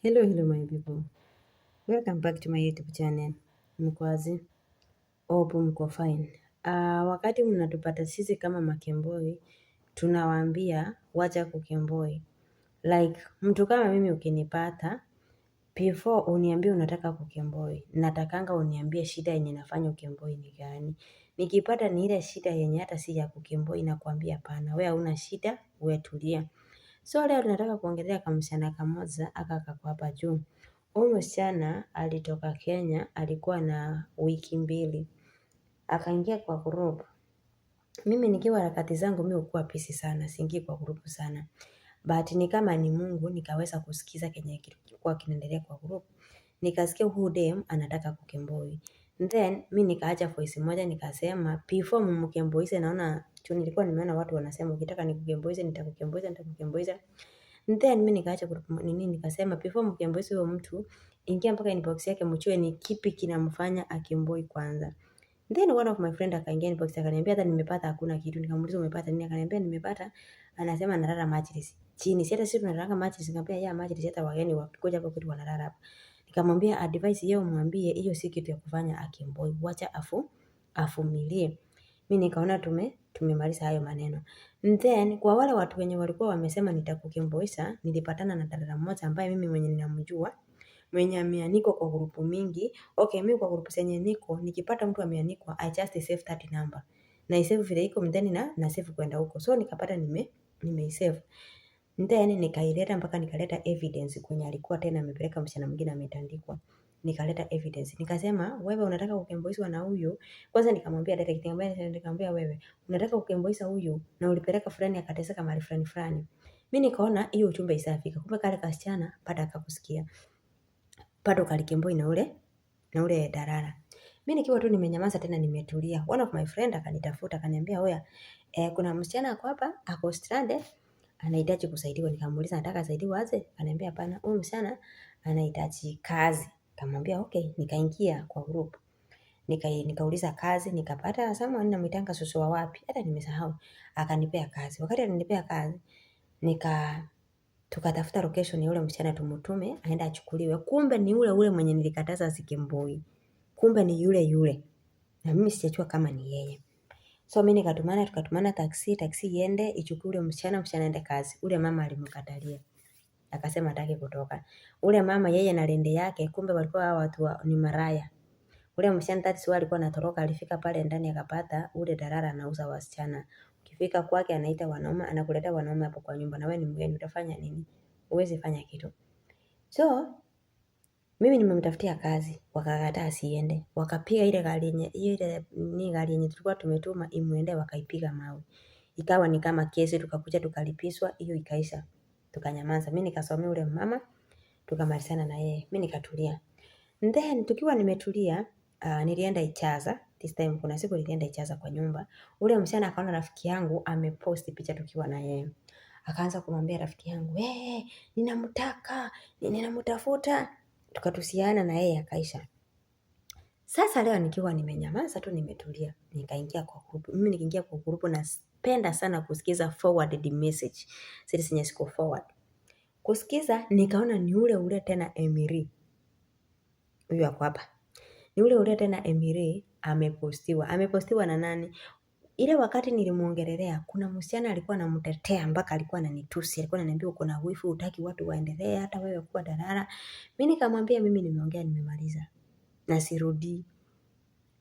Hello, hello, my people. Welcome back to my YouTube channel. Mkwazi opo, mko fine. Uh, wakati mnatupata sisi kama makemboi, tunawaambia wacha kukemboi. Like mtu kama mimi ukinipata before uniambie unataka kukemboi, natakanga uniambie shida yenye nafanya ukemboi ni gani. Nikipata ni ile shida yenye hata si ya kukemboi, nakwambia pana, we hauna shida, we tulia. So leo tunataka kuongelea kamsichana kamoja aka akakuwa hapa juu. Huyu msichana alitoka Kenya, alikuwa na wiki mbili, akaingia kwa group. Mimi nikiwa harakati zangu, mimi hukuwa pisi sana, siingii kwa group sana, but ni kama ni Mungu, nikaweza kusikiza kenye kilikuwa kinaendelea kwa group, nikasikia huyu dem anataka kukemboi Then mi nikaacha voice moja nikasema before mumgemboize, naona juu nilikuwa nimeona watu wanasema ukitaka nikugemboize nitakukemboiza nitakukemboiza Then mi nikaacha nini, nikasema before mgemboize huyo mtu, ingia mpaka inbox yake mchue ni kipi kinamfanya akimboi kwanza. Then one of my friend akaingia inbox akaniambia hata nimepata hakuna kitu. Nikamuuliza umepata nini? Akaniambia nimepata, anasema nalala mattress chini. Si hata sisi tunalala mattress. Nikamwambia yeah, mattress hata wageni wakikuja hapo kitu wanalala hapa. Ukamwambia advice yeye umwambie hiyo si kitu ya kufanya akimboi. Wacha afu afumilie. Mimi nikaona tume tumemaliza hayo maneno. And then kwa wale watu wenye walikuwa wamesema nitakukimboisha, nilipatana na dada mmoja ambaye mimi mwenye ninamjua mwenye ameanikwa kwa grupu mingi. Okay, mimi kwa grupu zenye niko nikipata mtu ameanikwa I just save that number. Na isave vile iko ndani na na save kwenda huko. So nikapata nime nime save Nta nikaileta mpaka nikaleta evidence kwenye alikuwa tena amepeleka msichana mwingine ametandikwa. Nikaleta evidence. Nikasema wewe unataka kukemboisha na huyu. Kwanza nikamwambia dada kitengambia nikamwambia wewe unataka kukemboisha huyu na ulipeleka fulani akateseka mahali fulani fulani. Mimi nikaona hiyo uchumba isafika. Kumbe kale kasichana baada akakusikia. Bado kalikemboi na ule na ule darara. Mimi nikiwa tu nimenyamaza tena nimetulia. One of my friend akanitafuta akaniambia, "Oya, eh, kuna msichana ako hapa, ako stranded." anahitaji kusaidiwa. Nikamuuliza, nataka asaidiwa aje? Ananiambia hapana, huyu msichana anahitaji kazi. Nikamwambia okay, nikaingia kwa group. Nika, nikauliza kazi nikapata nina mitanga Susu wa wapi, hata nimesahau. Akanipea kazi. Wakati ananipea kazi, nika tukatafuta location ya yule msichana tumutume aenda achukuliwe. Kumbe ni yule yule mwenye nilikataza sikimbui, kumbe ni yule yule, na mimi sijajua kama ni yeye. So mimi nikatumana, tukatumana taksi, taksi iende ichukue ule msichana, msichana aende kazi. Ule mama alimkatalia. Akasema hataki kutoka. Ule mama yeye na lende yake, kumbe walikuwa hao watu wa, ni maraya. Ule msichana tatu sio alikuwa anatoroka, alifika pale ndani akapata ule dalala anauza wasichana. Ukifika kwake anaita wanaume, anakuleta wanaume hapo kwa nyumba na wewe ni mgeni utafanya nini? Uwezi fanya kitu. So mimi nimemtafutia kazi, wakakataa siende. Wakapiga ile gari yenye ile ni gari yenye tulikuwa tumetuma imuende, wakaipiga mawe. Ikawa ni kama kesi tukakuja tukalipiswa, hiyo ikaisha. Tukanyamaza. Mimi nikasomea ule mama, tukamalizana na yeye. Mimi nikatulia. Then tukiwa nimetulia, uh, nilienda Ichaza. This time kuna siku nilienda Ichaza kwa nyumba. Ule msichana akaona rafiki yangu amepost picha tukiwa na yeye. Akaanza kumwambia rafiki yangu, "Eh, hey, ninamtaka, ninamtafuta." tukatusiana na yeye akaisha. Sasa leo nikiwa nimenyamaza tu nimetulia, nikaingia kwa grupu. Mimi nikiingia kwa grupu napenda sana kusikiza forwarded message, zile zenye ziko forward. Kusikiza nikaona ni ule ule tena Emiri, huyu hapa, ni ule ule tena Emiri amepostiwa. Amepostiwa na nani? Ile wakati nilimuongelelea, kuna msichana alikuwa anamtetea mpaka alikuwa ananitusi, alikuwa ananiambia uko na wifu, utaki watu waendelee, hata wewe kuwa dalala. Mimi nikamwambia mimi nimeongea, nimemaliza na sirudi.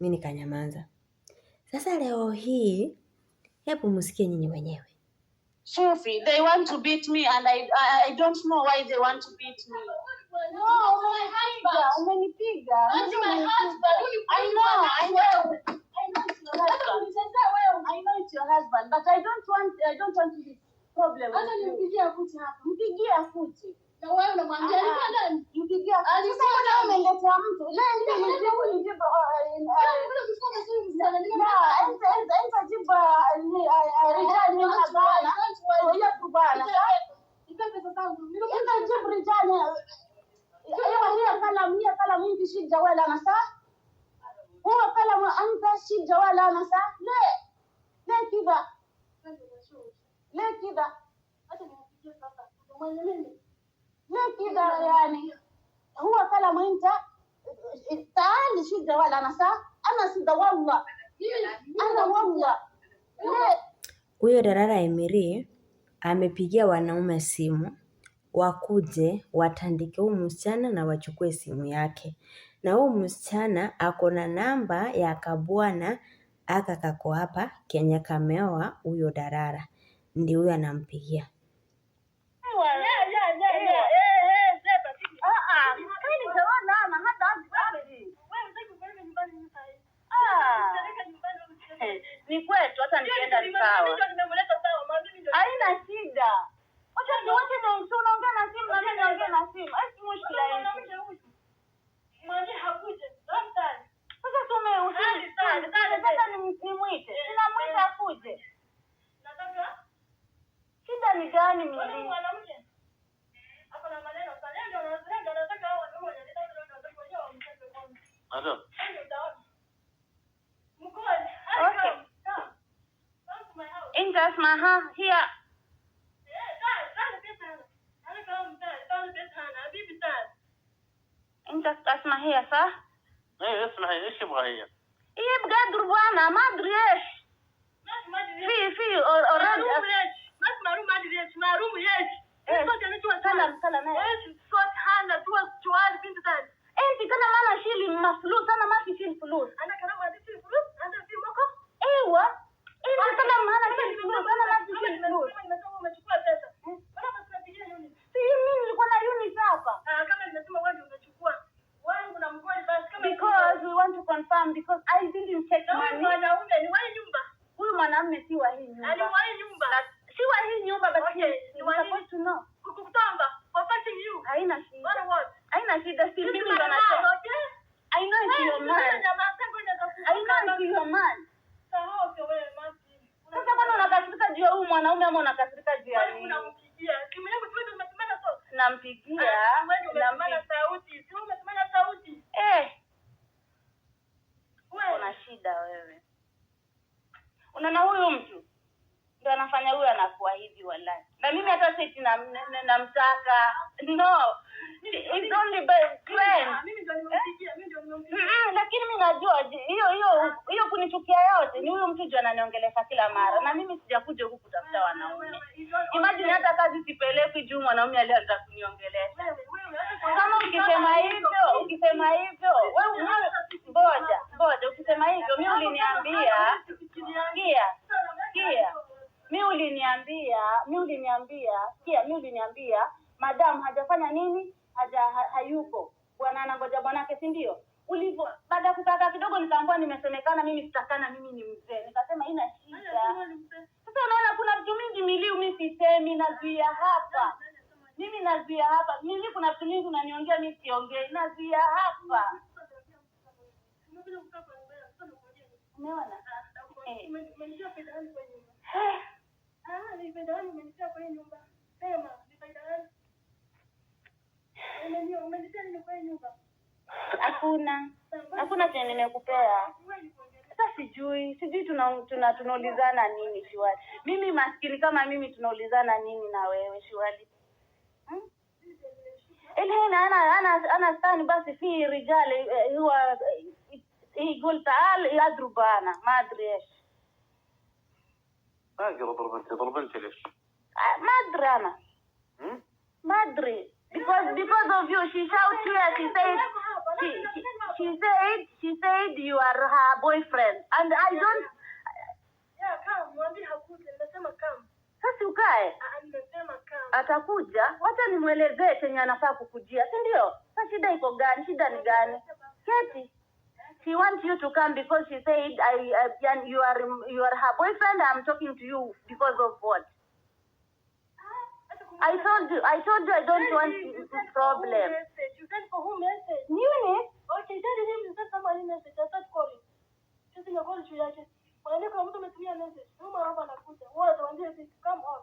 Mimi nikanyamaza. Sasa leo hii, hebu msikie nyinyi wenyewe. Sophie, they want to beat me and I, I, I don't know why they want to beat me. No, umenipiga, umenipiga. That's my husband. I know, I know. I know it's your husband. I know it's your husband, but I don't want I don't want this problem. Hata nimpigie akuti hapa. Mpigie akuti. Na wewe unamwambia nipanda ah, mpigie akuti. Sasa umeleta mtu. Leo ndio ndio ndio. ana huyo Darara Emiri amepigia wanaume simu wakuje watandike huu msichana na wachukue simu yake, na huyu msichana ako na namba ya kabwana aka kako hapa Kenya kameoa huyo Darara, ndio huyo anampigia Eh, ni kwetu. Hata yaani nikienda sawa, haina shida. Wacha niwote yaani na mtu unaongea na simu na mimi naongea na simu, haisi mushkila yetu. Mwambie hakuje sasa, tume usisasa, Sina ninamwita akuje. Shida ni gani mimi? Halo. Okay. In that's my house here. انت اسمع هي صح؟ ايه اسمع هي ايش يبغى هي؟ هي بقى ضربانه ما ادري ايش في في اوريدي ما اسمع روم ما ادري ايش ما روم ايش؟ صوت انا توصل سلام سلام ايش صوت حالة توصل جوال بنت انت كلام انا شيلي مفلوس انا ما في شيل فلوس انا كلام antigua, es mala Ndio huyu mwanaume ama unakasirika juu ya nini? Nampigia eh! una shida wewe. Unaona huyu mtu ndio anafanya huyu anakuwa hivi, walai Na mimi hata seti namtaka no is only best friend. Ah, lakini mi najua hiyo hiyo hiyo kunichukia yote ni huyo mtu juu ananiongelesha kila mara, na mimi sijakuja huku kutafuta ah, wanaume. imajini hata kazi sipelekwi juu mwanaume alianza kuniongelesha. Kama ukisema hivyo, ukisema hivyo ngoja ngoja, ukisema hivyo mi uliniambia, sikia sikia, mi uliniambia, mi uliniambia, sikia, mi uliniambia madamu hajafanya nini haja hayupo, bwana anangoja bwanake, si ndio? Ulivyo baada ya kukaa kidogo, nikaambua nimesemekana, mimi sitakana, mimi ni mzee. Nikasema ina shida. Sasa unaona, kuna vitu mingi miliu, mimi sisemi, nazuia hapa mimi nazuia hapa mimi, kuna vitu mingi unaniongea, mi siongei, nazuia hapa. Umeona ah, Hakuna, hakuna chenye nimekupea. Sasa sijui, sijui tuna tuna, tunaulizana nini Shwari? Mimi maskini kama mimi tunaulizana nini na wewe Shwari? Hmm? ana ana ana stani basi fi rijali eh, huwa يقول تعال يضرب انا ما ادري ايش ما اقدر اضرب انت ضرب انت ليش ما ادري انا ما ادري because because of you she shout here she said she, she, she said she said you are her boyfriend and I don't ukae ah, ah, atakuja wacha nimwelezee chenye anafaa kukujia si ndio sa shida iko gani shida ni gani keti she wants you to come because she said I, I, you are you are her boyfriend I'm talking to you because of what I told you, I told you I don't want this problem. You sent for who message? Newness. Okay, tell him you sent somebody message. I start calling. Sisi na call juu yake. Wanaambia send me a message. Nyuma hapa anakuja. Wewe utawaambia sisi come on.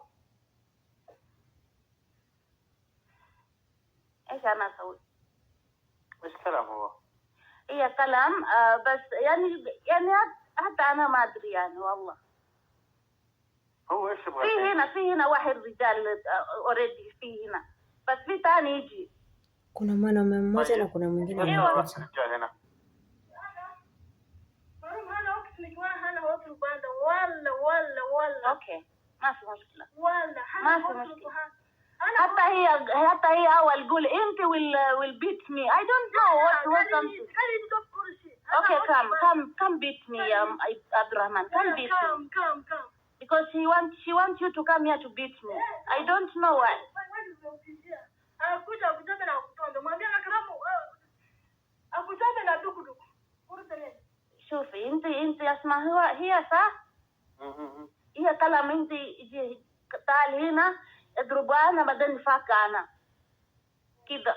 ايش انا اسوي؟ ايش كلام هو؟ اي كلام آه بس يعني يعني حتى انا ما ادري يعني والله هو ايش يبغى في هنا في هنا واحد رجال اوريدي آه، في هنا بس في ثاني يجي كنا مانا من مجا كنا من جنة ايوه بس أيوة. رجال هنا ولا ولا ولا اوكي ما في مشكله ولا ما في مشكله حتى هي حتى هي اول قول انت وال والبيت مي اي دونت نو وات وات اوكي كم كم كم بيت مي يا عبد الرحمن كم بيت كم كم كم because he wants she wants you to come here to beat me. I don't know why. شوفي انت انت اسمع هو هي صح؟ هي كلام انت تعال هنا اضرب انا بعدين فك انا كده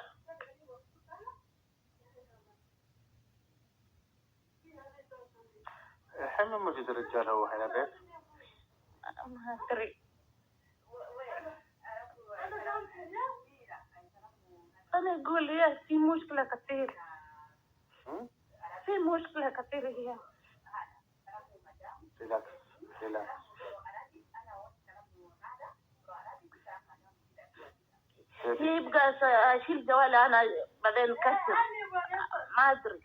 حمل موجود الرجال هو هنا بيت؟ أمها تري أنا أقول يا في مشكلة كثير في مشكلة كثير هي يبقى أشيل جوال أنا بعدين كسر ما أدري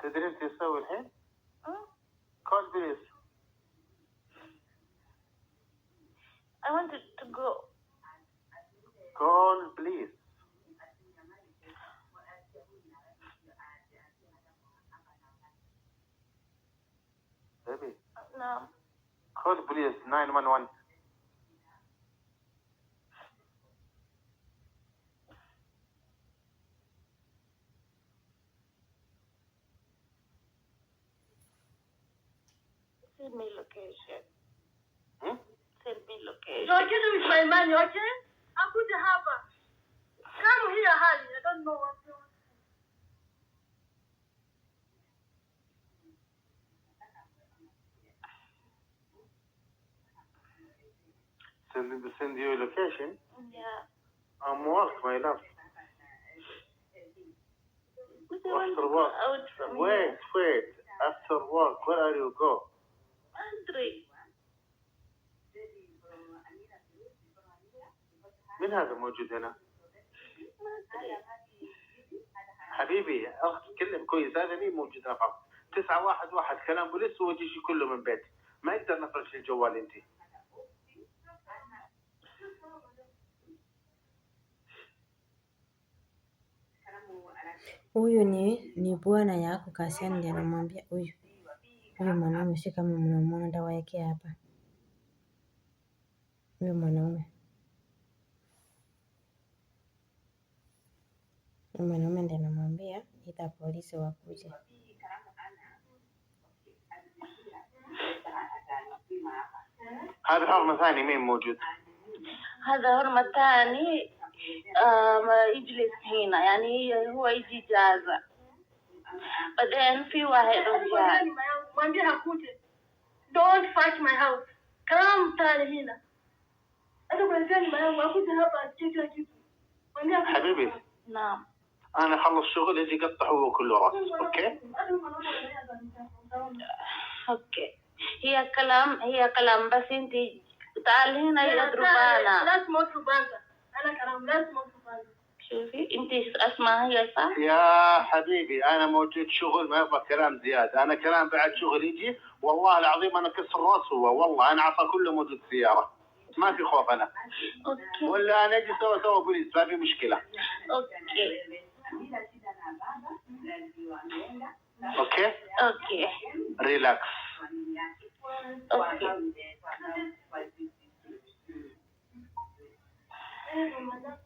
تدريب تساوي الحين كود بيس I wanted to go call please Baby. No. Call please 911. Send me location. Hmm? Send me location. You're kidding with my man, you kidding? I'm going to have her. Come here, honey. I don't know what you want. Send, send you location? Yeah. I'm work, my love. After work. Wait, wait. After work, where are you go? من هذا موجود هنا؟ حبيبي اخت تكلم كويس هذا مين موجود هنا تسعة واحد واحد كلام بوليس وجيشي كله من بيت ما يقدر نفرش الجوال انت huyu ni, ni bwana yako Kasiani ndiye anamwambia huyu Huyu mwanaume si kama mnamwona dawa yake hapa. Huyu mwanaume. Huyu mwanaume ndiye anamwambia ita polisi wakuje. Hadha حرمة ثاني مين موجود؟ هذا هرمة ثاني But then a few ahead of that. Don't fight my house. Come, Tarahina. حبيبي نعم انا خلص شغل يجي قطع هو كله راس اوكي اوكي هي كلام هي كلام بس انت تعال هنا يضربانا لا تموت انا كلام لا تموت شوفي انت اسمها هي صح؟ يا حبيبي انا موجود شغل ما يبغى كلام زياده، انا كلام بعد شغل يجي والله العظيم انا كسر راس هو والله انا عصا كله موجود في السياره. ما في خوف انا. اوكي. ولا انا اجي سوا سوا بوليس ما في مشكله. اوكي. اوكي؟ اوكي. ريلاكس. اوكي.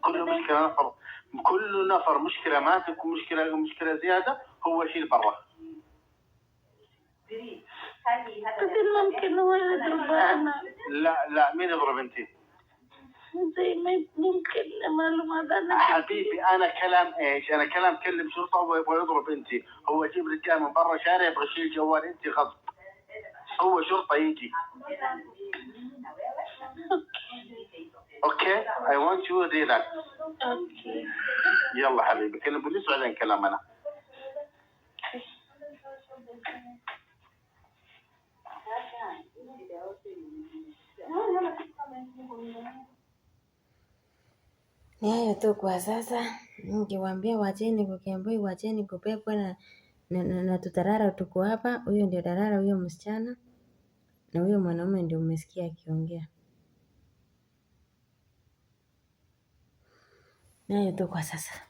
كل مشكله نفر كل نفر مشكله ما تكون مشكله مشكلة زياده هو شيء برا كثير ممكن هو يضرب انا لا لا مين يضرب انت؟ زي ما ممكن له انا حبيبي انا كلام ايش؟ انا كلام كلم شرطه هو يبغى يضرب انت، هو يجيب رجال من برا شارع يبغى يشيل جوال انت غصب هو شرطه يجي اوكي اي ونت يو ريلاكس اوكي يلا حبيبي كلم بوليس وبعدين كلام انا Ni hayo tu kwa sasa, nikiwaambia wacheni kukemboi, wacheni kupepwa na, na, na, na tutarara. Tuko hapa, huyo ndio Darara, huyo msichana na huyo mwanaume ndio umesikia akiongea. 那就多管试试。